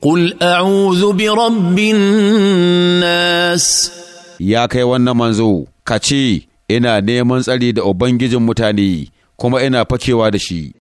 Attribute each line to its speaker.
Speaker 1: قل أعوذ برب الناس يا كي wannan manzo kace ina neman tsari da ubangijin mutane kuma ina
Speaker 2: fakewa da shi